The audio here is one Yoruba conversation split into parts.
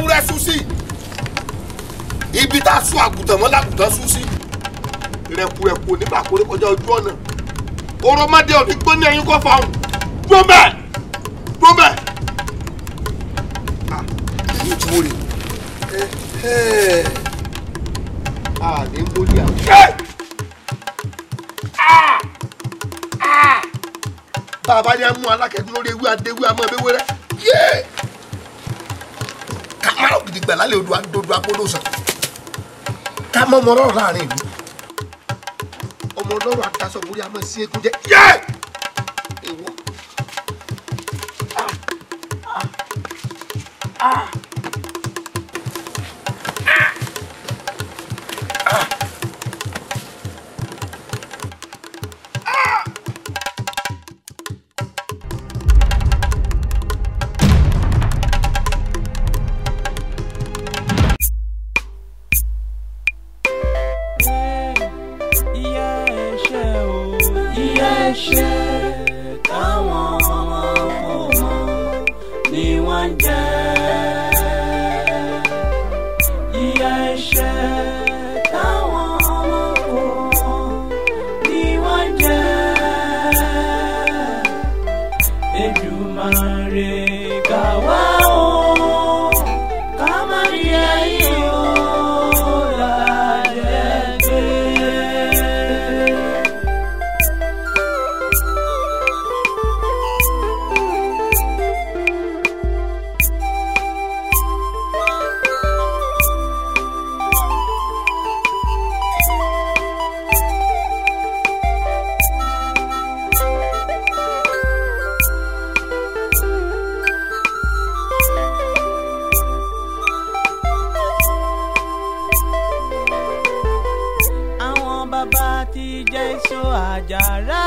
ewúrẹ́ sùn ibi tá a sún àgùntàn mọ́ làgùntàn sùn rẹ̀kùrẹ̀kù onígbà kórè kọjá ojú ọ̀nà oromade òní gbóni ẹyin kó fa òun dúró bẹ́ẹ̀ dúró bẹ́ẹ̀. èyí tí mo rè àwọn. bàbá yẹn mú alákẹ́dún lórí ewé adéwé amọ̀ ewé rẹ̀ yéé gbárò gidigbà lálẹ́ odò àdódò akólóòsàn ká mọ́ ọmọ ọlọ́rọ̀ láàrin ìlú ọmọ ọlọ́rọ̀ àtàṣọ wúrí àmọ́ sí eégún jẹ yẹ èwo. Ah! Ah! ah! Raja Raja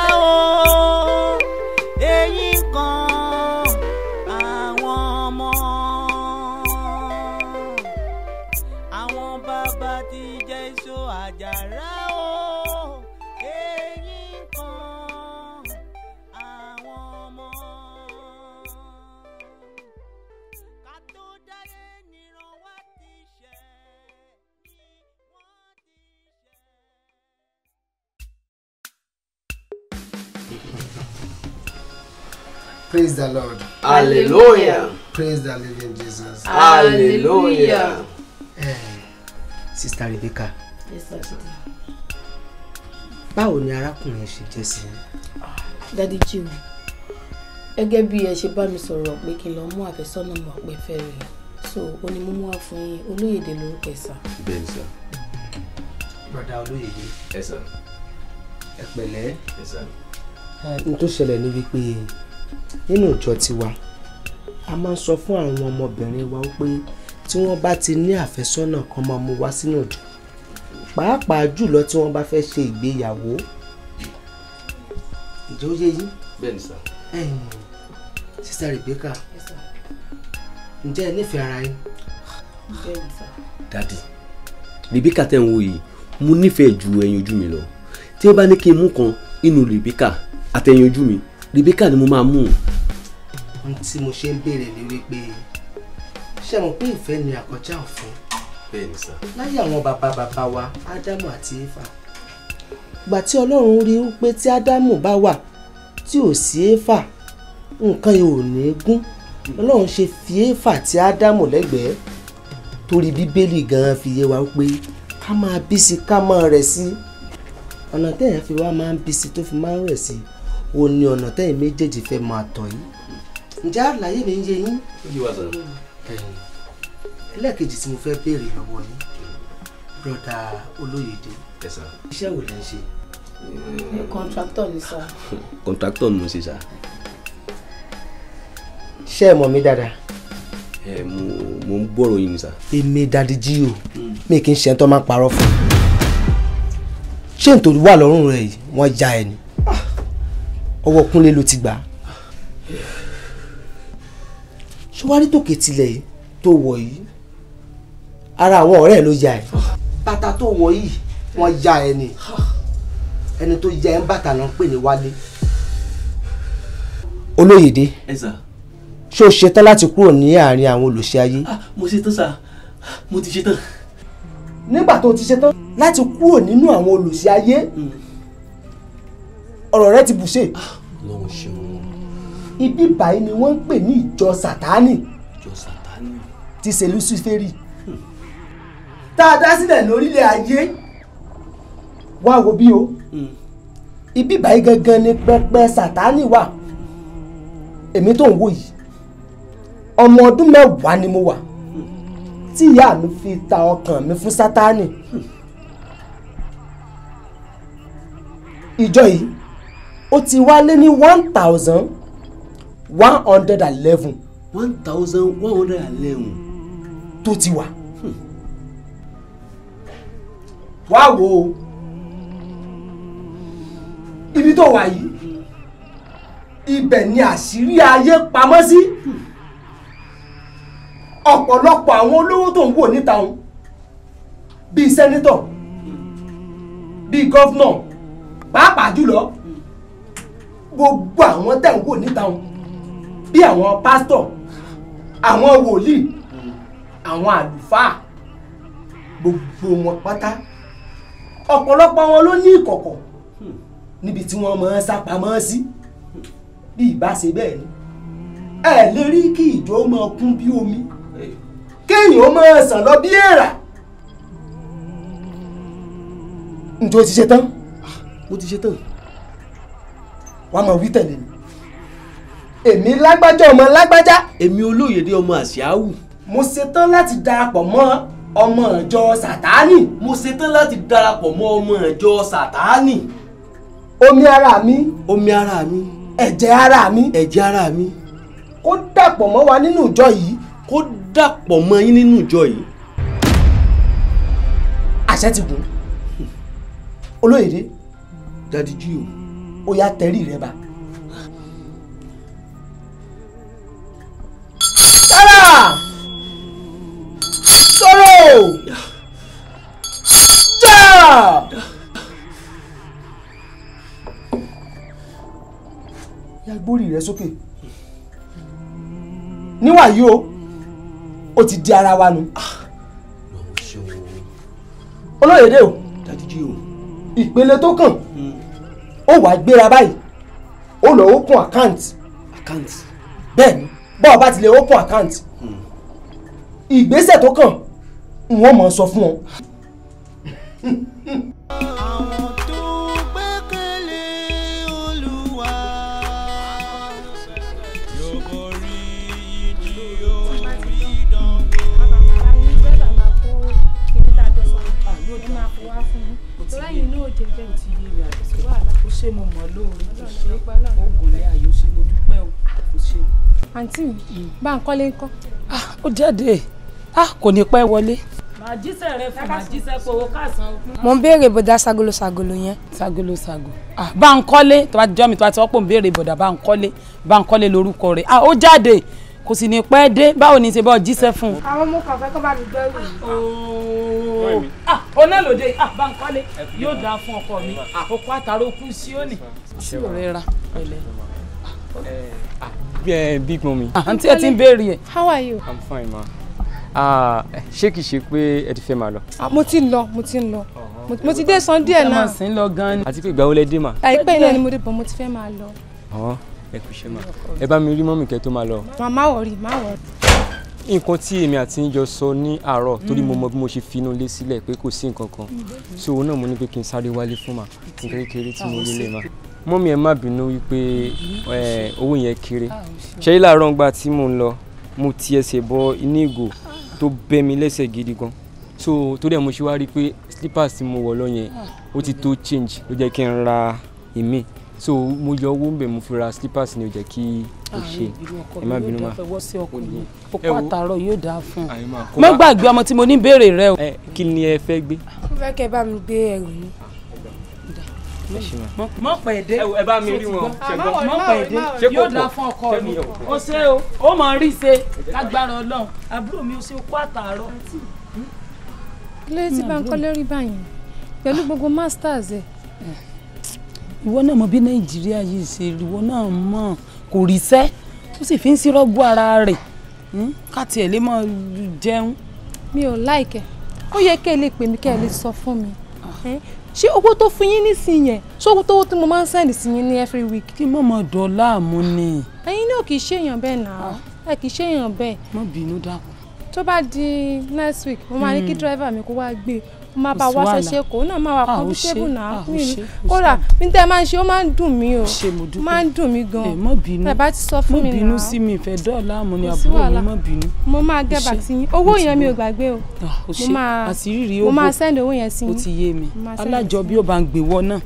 Praise the Lord. Hallelujah. Praise the living Jesus. Hallelujah. Eh, Sister Rebecca. Yes, sir. Báwo ni arákùnrin ṣe jẹ́ sí i? Dádì Jim, gẹ́gẹ́ bí ẹ ṣe bá mi sọ̀rọ̀ pé kí n lọ mú àfẹ́sọ́nà mọ̀ pé fẹ́ rẹ̀. So, o ní mímú wá fún yín, olóyèdè lórúkọ ẹ̀ sà. Bẹ́ẹ̀ni sà. Bọ̀dá olóyèdè. Ẹ sà. Ẹ pẹ̀lẹ́. Ẹ sà. Eh, n tó ṣẹlẹ̀ ni wípé nínú ìjọ tiwa a máa ń sọ fún àwọn ọmọbìnrin wa pé tí wọ́n bá ti ní àfẹ́sọ́nà kan máa mú wá sínú ìjọ pàápàá jùlọ tí wọ́n bá fẹ́ ṣe ìgbéyàwó. ǹjẹ́ ó yé yín. bẹ́ẹ̀ ni sà. sísá Rebecca ǹjẹ́ ẹ nífẹ̀ẹ́ ara yín. bẹ́ẹ̀ ni sà. dadi Rebecca tẹ̀ ń wo yìí mo nífẹ̀ẹ́ ju ẹyin ojú mi lọ tí ẹ bá ní kí n mú kan inú Rebecca àtẹ̀yìn ojú mi Rebecca ni mo máa mú. ohun tí mo ṣe ń béèrè ni wípé ṣé mo pé ìfẹ́ ni àkọjá òfin. bẹ́ẹ̀ni sá. láyé àwọn bàbá bàbá wa ádámù àti éfà. ìgbà tí ọlọ́run rí i pé tí ádámù bá wà tí ò sí éfà nǹkan yìí ò ní gún ọlọ́run ṣe fi éfà tí ádámù lẹ́gbẹ̀ẹ́ torí bíbélì gan-an fi yé wa pé ká máa bí sí ká máa rẹ̀ sí ọ̀nà téèyàn fi wá máa ń bí sí tó fi máa ń rẹ̀ sí i o ní ọ̀nà tẹ́yìn méjèèjì fẹ́ máa tọ̀ yìí ǹjẹ́ àlàyé mi ń yé yín. ẹlẹ́ẹ̀kejì tí mo fẹ́ béèrè lọ́wọ́ yín broda olóyèdè iṣẹ́ wo lẹ́ ń ṣe. kọ̀ǹtráktọ̀ ni sá. kọ̀ǹtráktọ̀ ni mo ṣe sá. ṣé ẹ mọ̀ mí dáadáa. ẹ mo mo ń gbọ́rọ̀ yín ni sá. èmi dadi jí o hmm. mi kì í ṣe ẹni tó máa ń parọ́ fún un ṣé nítorí wà lọ́rùn rẹ̀ yìí wọ́n já ẹ ni ọwọ́ kúnlé ló ti gbà á ṣọwárí tòkè tilẹ̀ tó wọ̀ yìí ara àwọn ọ̀rẹ́ ló ya ẹ̀. bàtà tó wọ̀ yìí wọ́n ya ẹ ni ẹni tó ya ẹ ń bàtà náà ń pè ní wálé. olóyèdè ṣé o ṣetán láti kúrò ní àárín àwọn olùṣe ayé. Ah, mo ṣetán sá mo ti ṣetán. nígbà tó ti ṣetán láti kúrò nínú àwọn olùṣe ayé. Mm ọ̀rọ̀ rẹ ti bùṣe. lọ́hùn ṣeun. ibi báyìí ni wọ́n ń pè ní ìjọ sàtánì. ìjọ sàtánì. ti ṣe luciferi. tá a dá sílẹ̀ lórílẹ̀ ayé wá wo bí o. Hmm. ibi báyìí gangan ni pẹpẹ sàtánì wà èmi tó ń wò yìí ọmọ ọdún mẹ́wàá ni mo wà tí ìyá mi fi ta ọkàn mi fún sátánì hmm. ìjọ yìí ó ti wá lé ní one thousand one hundred eleven. one thousand one hundred and eleven. tó ti wà. Hmm. wá wò ó ibi tó wà yìí ibẹ̀ ni àṣírí ayé pamọ́ sí hmm. ọ̀pọ̀lọpọ̀ àwọn olówó tó ń wò níta òun bíi sẹ́nítọ̀ hmm. bíi gọ́fúnọ̀ pàápàá jùlọ gbogbo àwọn tẹ̀ ń wò níta wọn bí àwọn pásítọ̀ àwọn wòlíì àwọn àlùfáà gbogbo wọn pátá ọ̀pọ̀lọpọ̀ wọn ló ní ìkọ̀kọ̀ níbi tí wọ́n máa ń sápamọ́ sí bí ìbá ṣe bẹ́ẹ̀ ni ẹ lè rí kí ìjọ máa kún bí omi kéèyàn ó máa sàn lọ bí èèrà ǹjọ́ ti ṣe tán mo ti ṣe tán wàá máa wí tẹ̀lé mi èmi lágbájá ọmọ lágbájá. èmi olóyèdè ọmọ àṣìáwù. mo ṣetán láti darapọ̀ mọ́ ọmọ ìjọ sàtáánì. mo ṣetán láti darapọ̀ mọ́ ọmọ ìjọ sàtáánì. omi ara mi. omi ara mi. ẹ̀jẹ̀ ara mi. ẹ̀jẹ̀ ara mi. kó dàpọ̀ mọ́ wa nínú ìjọ yìí. kó dàpọ̀ mọ́ yín nínú ìjọ yìí. àṣẹ ti gùn olóyèdè. dadi jí o ó yá tẹrí rẹ bá. sára sọ̀rọ̀ jà. yá gbórí rẹ sókè níwàyí o ó ti di ara wa nu. Ah olóyèdè o ìpele tó kàn ó wàá gbéra báyìí ó lọ open account account bẹ́ẹ̀ ni bọ́ọ̀ bá ti lè open account hmm. ìgbésẹ̀ tó kàn n ó mọ̀ sọ fún ọ. lẹ́yìn náà jẹ́ bẹ́ẹ̀ ti yé mi àbẹ̀sẹ̀ wàhálà kò ṣe mo mọ̀ lóore kò ṣe oògùn ní ayò ṣe mo dúpẹ́ o kò ṣe. àǹtí mi mm. bá ń kọ́lé ńkọ́. Ah, ó jáde ah, kò ní pẹ́ wọlé. màá rẹ fún màá jíṣẹ́ powó mo ń béèrè bọ̀dá ságolo ságolo yẹn. ságolo sago ah, bá ń kọ́lé tó bá jọ́ mi tó bá ti wọ́pọ̀ ń béèrè bọ̀dá bá ń kọ́lé bá ń kọ́lé lórúkọ rẹ̀ ó jáde kò sì ní pẹ́ dé báwo ni ṣe bọ́ jíṣẹ́ fún un. àwọn ọmọ kan kọ́ bá mi gbẹ́rù. ooo ah ọ̀nà lòde ah Bánkọ́lé yóò dáa fún ọkọ mi àkókò ah, àtàrà okùn sí òní. sí òrera pẹ̀lẹ́. ẹ ah, eh, big mummy. Ah, àǹtí ẹ ti ń béèrè ẹ. how are you. i'm fine ma ṣé kìí ṣe pé ẹ ti fẹ́ máa lọ. mo ti ń lọ mo ti ń lọ mo ti dé san díẹ̀ náà. mo ti ń lọ gan-an. àti pé ìgbà wo lẹ dé mà. àìpẹ́ náà ni mo dé bọ̀ mo ti fẹ́ máa lọ ẹ kú iṣẹ́ máa ẹ bá mi rí mọ́mì kẹ́ tó máa lọ. màmá wọ̀rì má wọ̀rì. nǹkan tí èmi àti ń jọ sọ ní àárọ̀ torí mm. mo mọ bí mo ṣe fi inú ilé sílẹ̀ pé kò sí nǹkan kan so òun náà mo ní pé kí n sáré wálé fún ma kékeré tí mo lè lè ma mọ́mì ẹ má bínú wípé owó yẹn kéré ah, ṣẹ́yìn láàárọ̀ ńgbà tí mò ń lọ mo ti ẹsẹ̀ bọ inú ìgò tó bẹ́ mi lẹ́sẹ̀ gidi gan so torí ẹ̀ mo ṣe wá rí i pé slippers tí mo wọ̀ lọ ah. ó ti tó change ló jẹ́ kí n ra ìmíì so mo yọ owó ń bẹ̀ mo fi ra slippers ni ó jẹ́ kí o ah, ṣe ẹ má bínú ma ẹ wo àtàrọ yóò dáa fún un má gbàgbé ọmọ tí mo ní béèrè rẹ o. kí ni ẹ fẹ́ gbé. mo fẹ́ kẹ́ bá mi gbé ẹrù mi. mọ pẹ̀ dé ẹ bá mi rí wọn ṣẹgbọn mọ pẹ̀ dé yóò dáa fún ọkọ mi o ṣe o ó mọ rí ṣe lágbára Ọlọ́run àbúrò mi ó ṣe kó àtàrọ. ilé tí bá ń kọ́ lórí báyìí pẹ̀lú gbogbo masters ẹ̀. Eh ìwọ náà mọ bí nàìjíríà yìí ṣe rí ìwọ náà mọ kò ríṣẹ́ ó sì fi ń sírọ́gbó ara rẹ̀ hmm, ká tiẹ̀ lè máa jẹun. mi ò láìkẹ́ ó yẹ kẹ́ ẹ lè pè mí kẹ́ ẹ lè sọ fún mi ah. eh, ṣé owó tó fún yín nísìnyí yẹn ṣé owó tó tí mo máa ń sẹ́ndì sí yín ní every week. kí mọ̀ mọ̀ dọ́là mú ni. ẹ̀yin náà kì í ṣèyàn bẹ́ẹ̀ náà ah. ẹ kì í ṣèyàn bẹ́ẹ̀. má bínú dákun. tó bá di next week mo máa ní kí hmm. dírẹ́fà mi kó wá gbé má bá wá ṣẹṣẹ kó náà má wà comfortable náà kódà ní tẹ́ máa ń ṣe ó máa ń dùn mí o máa ń dùn mí gan ẹ bá ti sọ fún mi náà mo bínú sí mi ìfẹ́ dọ́ọ̀lá mo ní àbúrò mi mo bínú. mo máa gẹ́ bá ti yín owó yẹn mi ò gbàgbé o ah, mo máa mo máa send owó yẹn sí yín. o ti yé mi alájọ bí ó bá ń gbé náà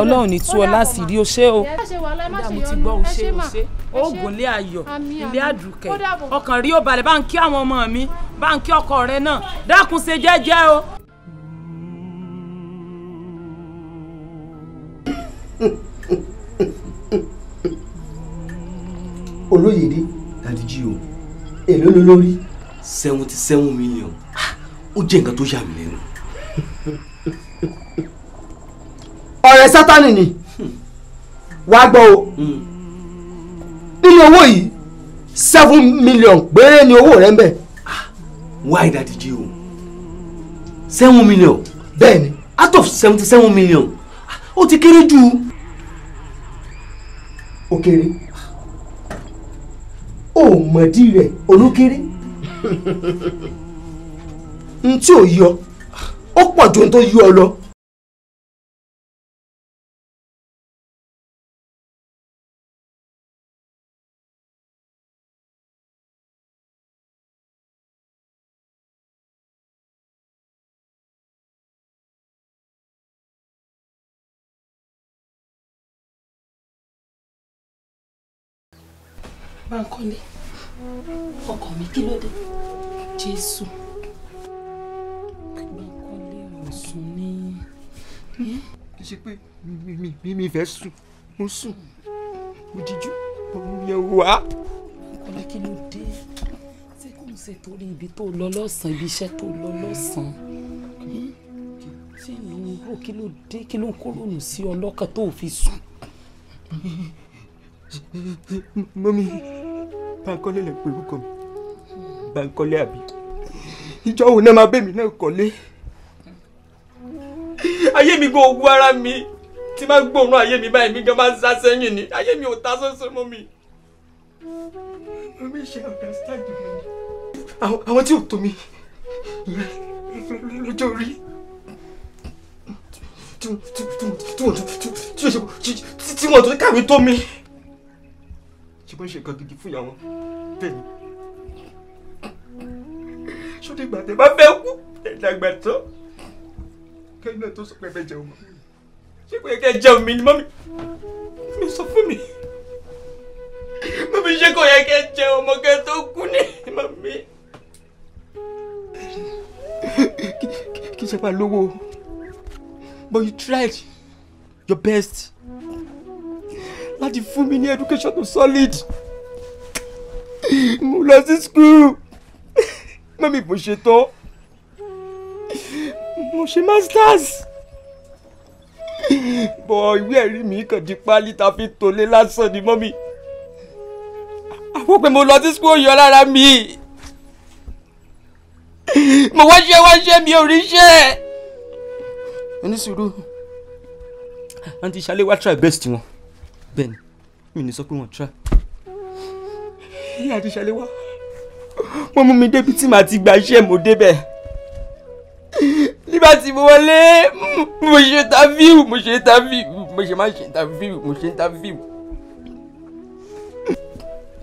ọlọ́run ní tú ọ láti rí o o mo ti gbọ́ o ṣé oògùn ilé ayọ̀ ilé àdùkẹ́ ọkàn rí ó balẹ̀ bá ń kí àwọn ọmọ mi bá ń kí ọkọ rẹ náà dákun ṣe jẹ́jẹ́ o. olóyèdè dadi jí o èló ló lórí. seventy seven million ah, ó jẹ́ nǹkan tó yà mí lẹ́nu. ọ̀rẹ́ sátani ni hmm. wàá gbọ́ o hmm. nínú owó yìí seven million péré ni owó rẹ̀ ń bẹ. Ah, why dadi jí o seven million. bẹ́ẹ̀ni out of seventy seven million ah, ó ti kéré jù ó kéré ó mọ̀dí rẹ̀ olókéré n tí ò yọ ó pọ̀ ju ohun tó yọ ọ lọ. Bánkọ́lé ọkọ mi kí ló dé Jésù Bánkọ́lé ọ̀sùn ní. ṣe pé mi mi fẹ́ sùn mo sùn mo díjú mo yẹ wá. Bánkọ́lé kí ló dé ṣé kò ń ṣe torí ibi tó lọ lọ́sàn-án ibi iṣẹ́ tó lọ lọ́sàn-án ṣé ìlú rò kí ló dé kí ló ń kórònú sí ọ tó fi sùn. mọ́mí. Bánkọ́lé lè pe orúkọ mi Bánkọ́lé àbí ìjọ òun náà máa bẹ́mi náà kọ́lé ayé mi gan ogún ara mi tí máa gbóòórùn ayé mi báyìí mi gan máa ń sá sẹ́yìn ni ayé mi ò ta sọ́sọ́ mọ́ mi. mo mi ṣe understand mi àwọn tí ò tó mi lọ́jọ́ orí tí wọ́n tó kàwé tó mi ṣùgbọ́n ṣe nǹkan gidi fún ìyàwó tèmi ṣọdẹ ìgbà tẹ bá fẹ́ kú ẹ̀dàgbà tó kẹ́yìn náà tó sọ pé ẹ fẹ́ jẹun mọ́ ṣé kò yẹ kẹ́ ẹ jẹun mi ni mọ́mí mi sọ fún mi mọ́mí ṣé kò yẹ kẹ́ jẹun ọmọ kẹ́ tó kú ni mọ́mí. kì í ṣe pa lówó but you tried your best láti fún mi ní education tó solid mo lọ sí school mọ́mí mo ṣe tán mo ṣe masters bọ̀ ìwé ẹ̀rí mi kàn di páálí ta fi tolé lásán ni mọ́mí àwọn pé mo lọ sí school yọ lára mi mo wá ṣe mi ò rí ṣe onísùúrù àǹtí ṣálẹ̀ wá try best wọn bẹ́ẹ̀ni mi ní sọ pé wọ́n try. ìyá àdìsẹ́lẹ̀ wá wọ́n mú mi débi tí màá ti gba iṣẹ́ mo débẹ̀ nígbà tí mo wọlé mo ṣe interview mo ṣe interview mo ṣe máa ṣe interview mo ṣe interview.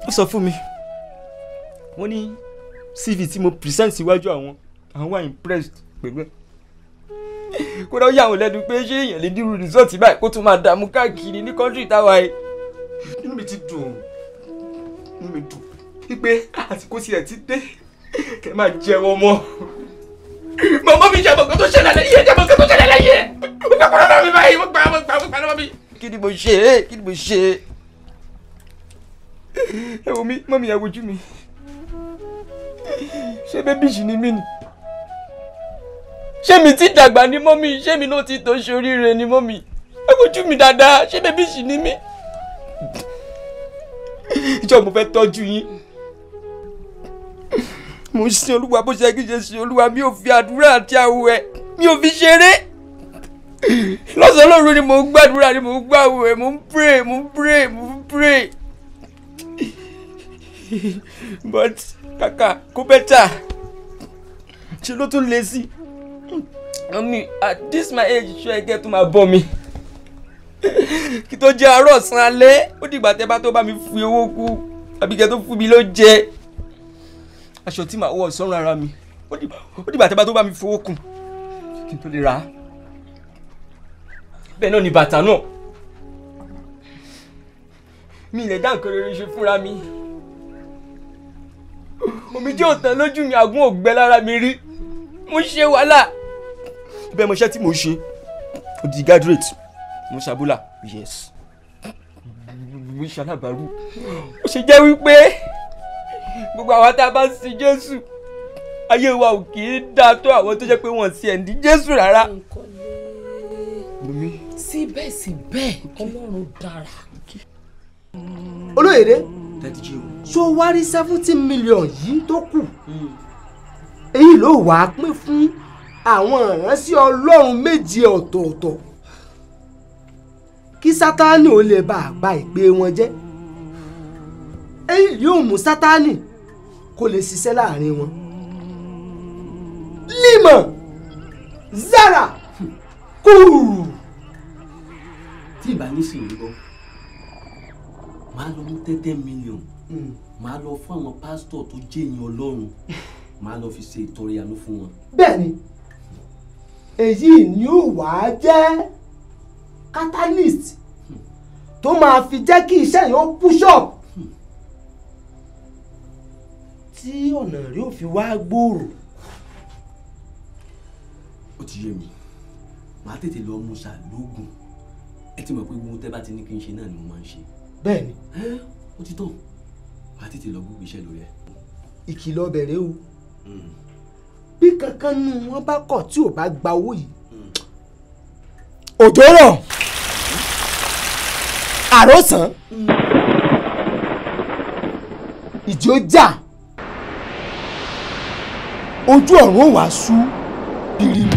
ó sọ fún mi wọ́n ní cv tí mo present síwájú àwọn àwọn wà impressed pẹ̀lú ẹ̀ kó lọ́ọ́ yà wọ́n lẹ́nu pé ṣé èèyàn lè dírú rìsọ́ọ̀tì báyìí kó tún máa dààmú káàkiri ní kọ́ńtì táwa yìí. inú mi ti dùn inú mi dùn pípé àsìkò tiẹ̀ ti dé kẹ́ máa jẹun ọmọ. màmá mi ṣe àbọ̀kọ́ tó ṣẹlẹ̀ lẹ́yìn ẹ̀ jẹ́bọ̀kọ́ tó ṣẹlẹ̀ lẹ́yìn ẹ̀ mo gbà pàdánù mi báyìí mo gbà mo gbà mo pàdánù mi. kí ni mo ṣe kí ni mo ṣe ẹ wo mi mọ́ ẹ wojú mi ṣé bébí yìí ni mí ni ṣé mi ti dàgbà ni mọ́mí ṣé mi ló ti tó ṣe oríire ni mọ́mí ẹ wojú mi dáadáa ṣé bébí sì ni mí. ìjọ mo fẹ́ tọ́jú yín mo sin olúwa bó ṣe kí ṣe sin olúwa mi ò fi àdúrà àti àwẹ̀ mi ò fi ṣeré lọ́sàn-án lóru ni mò ń gbàdúrà ni mò ń gbàwẹ̀ mò ń pray mò ń pray mò ń pray but kàkà kó bẹ́tà ṣe ló tún lé sí i mami at this my age ṣé ẹ get to my bọ́ mi kí tó jẹ́ àárọ̀ ọ̀sán alẹ́ ó dìgbà tẹ́ bá tó bá mi fi owó kú àbí kẹ́ tó fún mi ló jẹ́ aṣọ tí màá wọ̀ sọ́run ara mi ó dìgbà tẹ́ bá tó bá mi fowó kù kí n tó lè rà á bẹ́ẹ̀ náà ni bàtà náà mi ilẹ̀ dá nǹkan rere ṣe fúnra mi omi jẹ́ òtàn lójú mi àgún ògbẹ́ lára mi rí mo ṣe wàhálà bẹ́ẹ̀ mo ṣe tí mo ṣe mo di graduate mo ṣàbúlà yes mo ṣalábàárù ó ṣe jẹ́ wípé gbogbo àwọn tá a bá ń sin Jésù ayé wa ò kì í dáa tó àwọn tó jẹ́ pé wọ́n ti ẹ̀ǹdí Jésù rárá. síbẹ̀síbẹ̀ Ọlọ́run dára. olóyèdè so wá rí million yìí tó kù hmm. èyí ló wàá pín fún àwọn ìránṣẹ́ ọlọ́run méje ọ̀tọ̀ọ̀tọ̀ kí sátánì ó lè bá àgbà ìpè wọn jẹ́ èyí yóò mú sátánì kó lè ṣiṣẹ́ láàrin wọn. límọ̀ zara kúrú. tí ìbá ní sì ń lọ màá lọ mú tẹ́tẹ́ mílíọ̀nù hmm. màá lọ fún àwọn pásítọ̀ tó jẹ́ èèyàn ọlọ́run màá lọ fi ṣe ìtọrẹ àánú fún wọn. bẹ́ẹ̀ni èyí ni ó wà á jẹ́ catalyst tó máa fi jẹ́ kí iṣẹ́ yẹn ó push up tí ọ̀nà rẹ̀ ò fi wá gbòòrò. ó ti yé mi màá tètè lọ mú ṣàlóògùn ẹ ti mọ̀ pé gbogbo tẹ́ bá ti ní kí n ṣe náà ni mo máa ń ṣe. bẹ́ẹ̀ni. ẹ ó ti tó màá tètè lọ gbogbo iṣẹ́ lórí ẹ. ìkìlọ̀ bẹ̀rẹ̀ o. Mm bí kankan nu wọn bá kọ̀ tí ò bá gba owó yìí. òjò rọ̀ àròsàn ìjì ó jà ojú ọ̀run ò wá sú bìrìbì.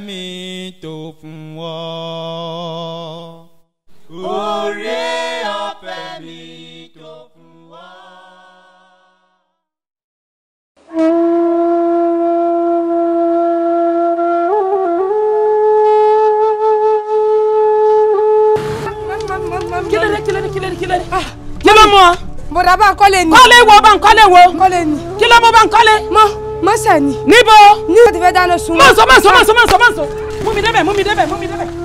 mi tó fún ọ. Oore ọ̀fẹ́ mi tó fún ọ. kílódé kílódé kílódé kílódé. kí ló mú bá kọ́lé ni. kọ́lé wo bá ń kọ́lé wo. kọ́lé ni. kí bá ń kọ́lé. mọ́ mọ́sẹ̀ ni. níbo. ní o ti fẹ́ dáná sun. mọ̀nsọ̀ mọ̀nsọ̀ mọ̀nsọ̀ mọ̀nsọ̀ mọ̀nsọ̀ mú mi débẹ̀ mú mi débẹ̀ mú mi débẹ̀.